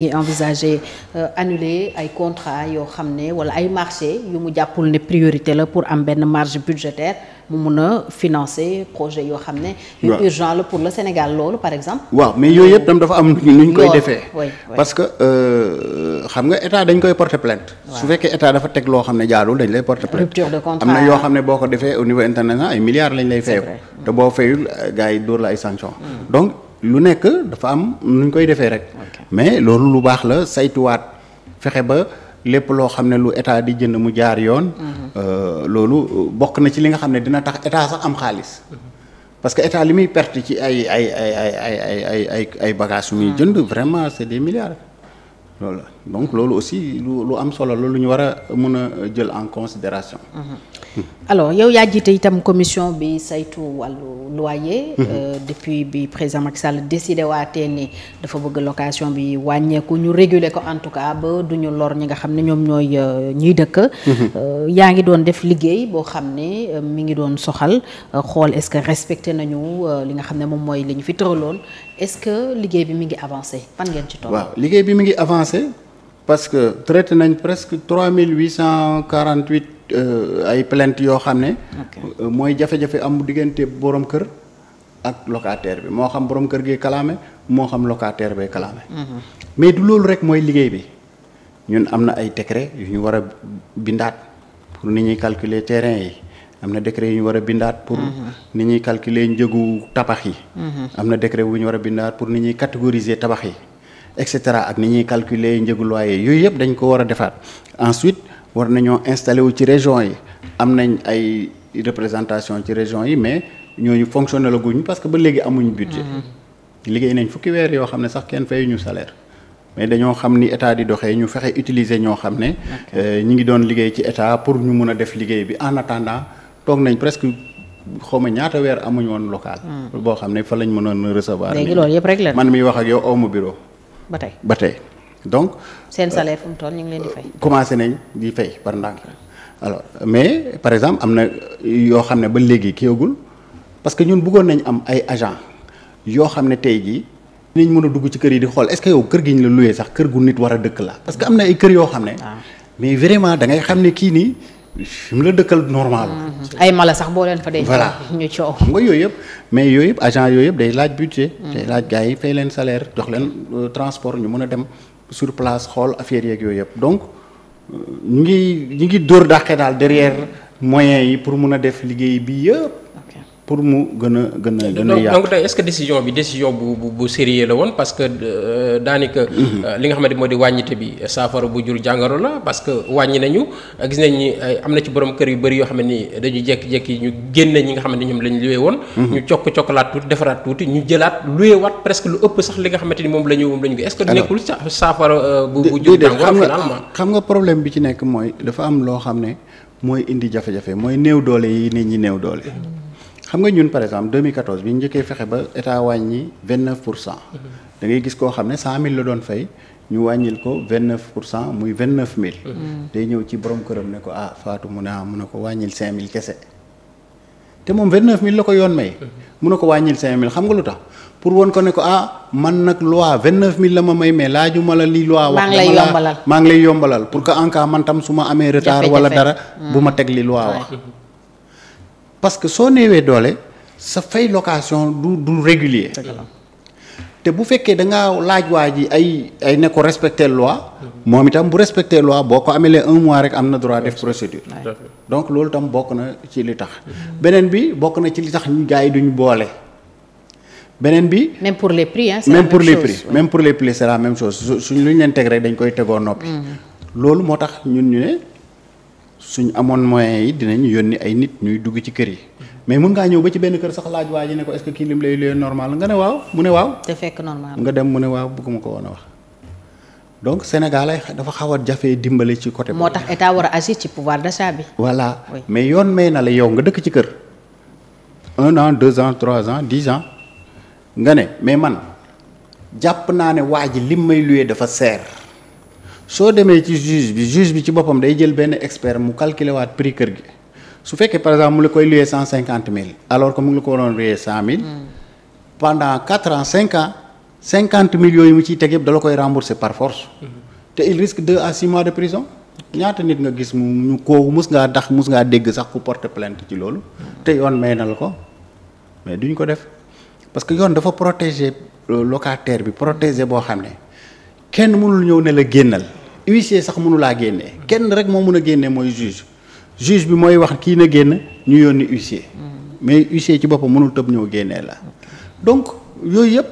yi envisager euh, annuler ay contrat yoo xam ne wala ay marché yu mu jàppul ne priorité la pour am benn marge budgétaire mu mun a financer projet yoo xam ne. yu urgent la pour le Sénégal loolu par exemple. waaw mais yooyu yëpp tam dafa am nu ñu koy defee. parce que euh, xam nga état dañ koy porter plainte. su fekkee état dafa teg loo xam ne jaarul dañ lay porter plainte. rupture de am na yoo xam ne boo ko defee au niveau international ay milliards lañ lay fayu. te boo fayul euh, gars yi dóor la ay sanctions hmm. lu nekk dafa am nu koy defee rek. mais loolu lu baax la saytuwaat fexe ba lépp loo xam ne lu état di jënd mu jaar yoon. Mhm. Euh, loolu bokk na ci li nga xam ne dina tax état sax am xaalis. parce que état li muy perte ci ay ay ay ay ay ay ay ay bagages yu muy mhm. jënd vraiment c'est des milliards. loolu donc loolu aussi lu lu am solo loolu ñu war a mun a jël en considération mm-hmm. alors yow yaa jiite itam commission bi saytu wàllu loyer. Mm-hmm. Euh, depuis bi président Macky Sall décidé waatee ni dafa bëgg location bi wàññeeku ñu réguler ko en tout cas ba du ñu lor ñi nga xam ne ñoom ñooy euh, ñuy dëkk. Mm-hmm. Euh, yaa ngi doon def liggéey boo xam ne mi ngi doon soxal xool est-ce que respecté nañu li nga xam ne moom mooy li ñu fi tëraloon est-ce que liggéey bi mi ngi avancer fan ngeen ci toog. waaw commencé parce que traité nañ presque trois mille huit cent quarante huit euh, ay plante yoo xam ne. Euh, mooy jafe-jafe am diggante borom kër ak locataire bi moo xam boroom kër gi kalaame moo xam locataire bay kalaame. Mhm. mais du loolu rek mooy liggéey bi ñun am na ay décret yu ñu war a bindaat pour ni ñuy calculer terrain yi. am na décret yu ñu war a bindaat pour mhm. ni ñuy calculer njëgu tabax yi mhm. am na décret bu ñu war bindaat pour ni ñuy catégoriser tabax yi et cetera ak ni ñuy calculer njëgu loyer yooyu yëpp dañ ko war a defaat ensuite war nañoo installé wu ci région yi am nañ ay représentation ci région yi mais ñooñu fonctionné la guñ parce que ba léegi amuñ budget mm-hmm. liggéey nañ fukki weer yoo xam ne sax kenn fay ñu salaire mais dañoo xam ni état di doxee ñu fexe utiliser ñoo xam ne euh, ñu ngi doon liggéey ci état pour ñu mun a def liggéey bi en attendant toog nañ presque xaw ma ñaata weer amuñu woon local mm. boo xam ne fa lañ mënoon recevoir léegi loolu yëpp rek la man miy wax ak yow awma bureau ba tey ba tey donc. seen euh, salaire fu ñu ngi di fay. Euh, commencé nañ di fay par ndànk alors mais par exemple am na yoo xam ne ba léegi kiiagul parce que ñun buggoon nañ am ay agent yoo xam ne tey jii. dinañ mun a dugg ci kër yi di xool est-ce que yow kër gi ñu la loué sax kër gu nit war a dëkk la parce que am na ay kër yoo xam ne. Ah. mais vraiment da xam ne kii nii. fi mu la dëkkal normal. Mm-hmm. ay mala sax boo leen fa denc. voilà ñu coow nga yooyu yëpp mais yooyu yëpp agent yooyu yëpp day laaj budget. day laaj gars yi fay leen salaire jox leen euh, transport ñu mën a dem sur xool affaire yooyu yëpp donc euh, ñu ngi ñu ngi dóor dàqe daal derrière moyens yi pour mun a def liggéey bi yëpp. pour mu gën a gën a gën ce que décision bi décision bu bu bu sérieux parce que euh, daanaka. Mm-hmm. Euh, li nga xamante moo di wàññite bi saafara bu jur jàngoro la parce que wàññi nañu gis nañ ni am na ci borom kër yu bëri yoo xam ni dañu jékki ñu génne ñi nga xamante ñoom lañ luwee woon. Mm-hmm. ñu cokk cokkalaat tuuti defaraat tuuti ñu jëlaat luwee waat presque lu ëpp sax li nga xamante ni moom la ñu moom la ñu est-ce que nekkul saafara euh, bu bu jur jàngoro finalement xam nga problème bi ci nekk mooy dafa am loo xam ne mooy indi jafe-jafe mooy néew doole yi nit ñi néew doole mm-hmm. xam nga ñun par exemple 2014 bi ñu njëkkee fexe ba état wàññi 29 pour cent. Mm-hmm. da ngay gis koo xam ne cent mille la doon fay ñu wàññil ko 29 pour cent muy vingt 29000. Mm-hmm. day ñëw ci borom këram ne ko ah Fatou mu ah mu ne ko wàññil 5000 kese. te moom 29000 la ko yoon may. Mm-hmm. mu ne ko wàññil 5000 xam nga lu tax pour woon ko ne ko ah man nag loi 29000 la ma may mais laajuma la li loi. wax dama la maa ngi lay yombalal pour que en cas man tam su ma amee retard. wala dara mm. bu ma teg li loi wax. parce que soo neewee doole sa fay location du du régulier te bu fekkee da ngaa laaj waa ji ay ay ne ko loi moom itam bu respecter loi boo ko amelee un mois rek am na droit def procédure donc loolu tam bokk na ci li tax beneen bi bokk na ci li tax ñu gars yi duñu boole beneen bi. même pour les prix hein, pour les chose, prix même pour les prix c'est la même chose su suñ lu ñu leen teg rek dañ koy tegoo noppi. Mm. loolu moo tax ñun ñu ne. suñ amoon moyens yi dinañ yónni ay nit ñuy dugg ci kër yi mais mun ngaa ñëw ba ci benn kër sax laaj waa ji ne ko est-ce que kii lim lay lay normal nga ne waaw mu ne waaw. te fekk normal nga dem mu ne waaw bëgguma ko woon a wax. donc Sénégal ay dafa xaw a jafe dimbali ci côté. moo tax état war a agir ci pouvoir d'achat bi. voilà mais yoon may na la yow nga dëkk ci kër. un an deux ans trois ans dix ans nga ne mais man jàpp naa ne waa ji lim may luwee dafa seer. soo demee ci juge bi juge bi ci boppam day jël benn expert mu calculer waat prix kër gi su fekkee par exemple mu la koy luyee cent cinquante mille alors que mu ngi ko waroon luyee cent mille hmm. pendant quatre ans cinq ans cinquante mille yooyu mu ciy teg yëpp da koy rembourser par force hmm. te il risque deux à six mois de prison ñaata nit nga gis mu ñu koowu mus ngaa dax mus ngaa dégg sax ku porter plainte ci loolu te yoon may na ko mais duñ ko def parce que yoon dafa protéger euh, locataire bi protéger boo xam ne kenn mënul ñëw ne la génnal huissier sax mënulaa génne kenn rek moo mën a génne mooy juge juge bi mooy wax kii na génn ñu yónni huissier mais huissier ci boppam mënul tëb ñëw génnee la donc yooyu yëpp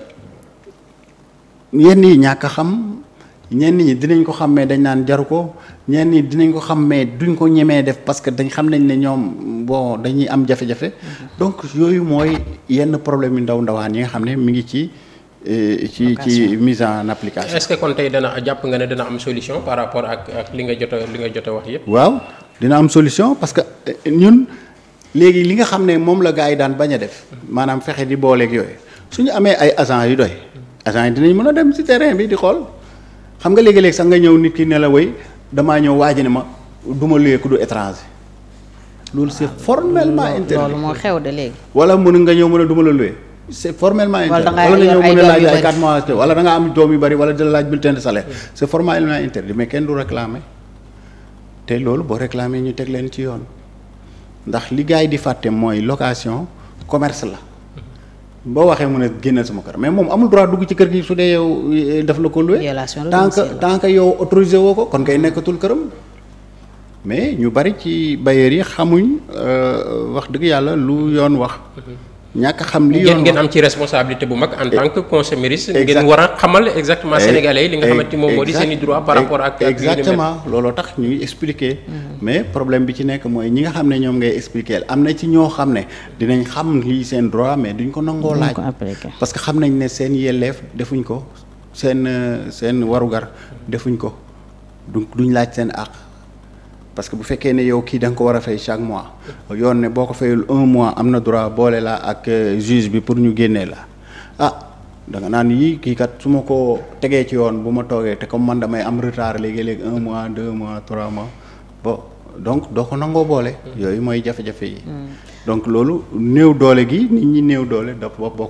yenn yi ñàkk xam ñenn ñi dinañ ko xam mais dañ naan jaru ko ñenn ñi dinañ ko xam mais ko ñemee def parce que dañ xam nañ ne ñoom bon dañuy am jafe-jafe mm-hmm. donc yooyu mooy yenn problème yu ndaw ndawaan yi nga xam ne mi ngi ci ci ci mise en application. est-ce que kon tey dana jàpp nga ne dana am solution par rapport ak ak li nga jot a li nga jot wax yëpp. waaw dina am solution parce que eh, ñun léegi li nga xam ne moom la gars yi daan bañ a def maanaam fexe di booleek yooyu su ñu amee ay agent yu doy agent yi dinañ mën a dem si terrain bi di xool xam nga léegi-léeg sax nga ñëw nit ki ne la way damaa ñëw waaji ne ma du ma ku du étranger. loolu c'est formellement interdit loolu moo xew de léegi. wala mën nga ñëw mën a du ma la luye. c' est formellement interdit wala dañoo a laaj am doom yu bari wala di la laaj bulletin de salaire c' est formellement interdit mais kenn du réclamer te loolu boo réclamer ñu teg leen ci yoon ndax li gars yi di fàtte mooy location commerce la boo waxee mu ne génnal sama kër mais moom amul droit dugg ci kër gi su dee yow eh, daf la ko loué tant que tant que yow autorisé woo ko kon kay nekkatul këram mais ñu bari ci bailleurs yi xamuñ euh, wax dëgg yàlla lu yoon wax mm-hmm. ñàkk xam li yoon ngeen am ci responsabilité bu mag en tant que consommatrice ngeen war a xamal exactement eh, sénégalais li nga eh, xamante moom moo di seen i droit par rapport ak exactement looloo tax ñuy expliquer mm-hmm. mais problème bi ci nekk mooy ñi nga xam ne ñoom ngay expliquer am na ci ñoo xam ne dinañ xam lii seen droit mais duñ ko nangoo laaj parce que xam nañ ne seen yelleef defuñ ko seen euh, seen warugar defuñ ko du duñ laaj seen àq parce que bu fekkee ne yow kii da ko war a fay chaque mois yoon ne boo ko fayul un mois am na droit boole la ak euh, juge bi pour ñu génnee la ah da nga naan yii kii kat su ma ko tegee ci yoon bu ma toogee te comme man damay am retard léegi léeg un mois deux mois trois mois bon donc doo ko nangoo boole. Mm. yooyu mooy jafe-jafe yi. Mm. donc loolu néew doole gi nit ñi néew doole dafa bokk